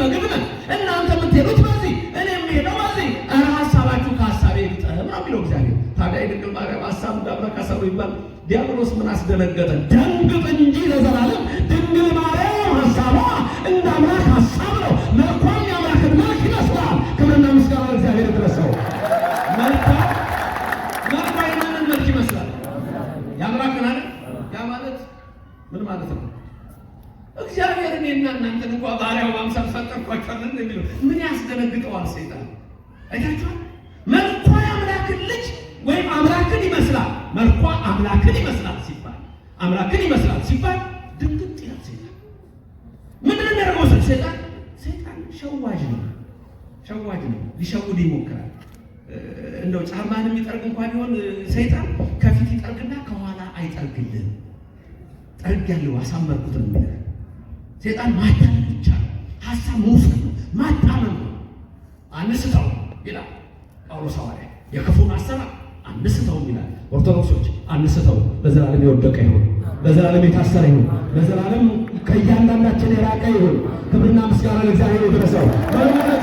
ምግብ ነን። እናንተ የምትሄዱት በዚህ እኔ የምሄደው በዚህ። ኧረ ሀሳባችሁ ከሀሳቤ ይፍጠህም ነው የሚለው እግዚአብሔር። ታዲያ የድንግል ማርያም ሀሳብ እንዳብረ ከሰሩ ይባል። ዲያብሎስ ምን አስደነገጠ? ደንግጥ እንጂ ለዘላለም ድንግል ማርያም ሀሳቧ እንዳምላክ ሀሳብ ነው። መልኳም ያምላክን መልክ ይመስላል። ክብርና ምስጋና እግዚአብሔር ድረሰው። መልኳ መልኳ የማንን መልክ ይመስላል? ያምላክን ያ ማለት ምን ማለት ነው? እግዚአብሔር እኔና እናንተን እንኳ ባሪያው ማምሳል አልገባችኋል የሚለው ምን ያስደነግጠዋል? ሴጣን አይታችኋል። መልኳ የአምላክን ልጅ ወይም አምላክን ይመስላል። መልኳ አምላክን ይመስላል ሲባል አምላክን ይመስላል ሲባል ድንግጥ ይላል ሴጣን። ምንድን ያደርገው ሴጣን ሴጣን ሸዋጅ ነው፣ ሸዋጅ ነው። ሊሸውድ ይሞክራል። እንደው ጫማን የሚጠርግ እንኳን ቢሆን ሰይጣን ከፊት ይጠርግና ከኋላ አይጠርግልን። ጠርግ ያለው አሳመርኩት ነው የሚለው ሰይጣን ማታለል ብቻ መውስ ማጣመም አንስተው ይላል ጳውሎስ ሐዋርያ። የክፉን አሰራር አንስተውም ይላል። ኦርቶዶክሶች አንስተው በዘላለም የወደቀ ይሆን፣ በዘላለም የታሰረ ይሆን፣ በዘላለም ከእያንዳንዳችን የራቀ ይሆን። ክብርና ምስጋና ለእግዚአብሔር ይድረሰው።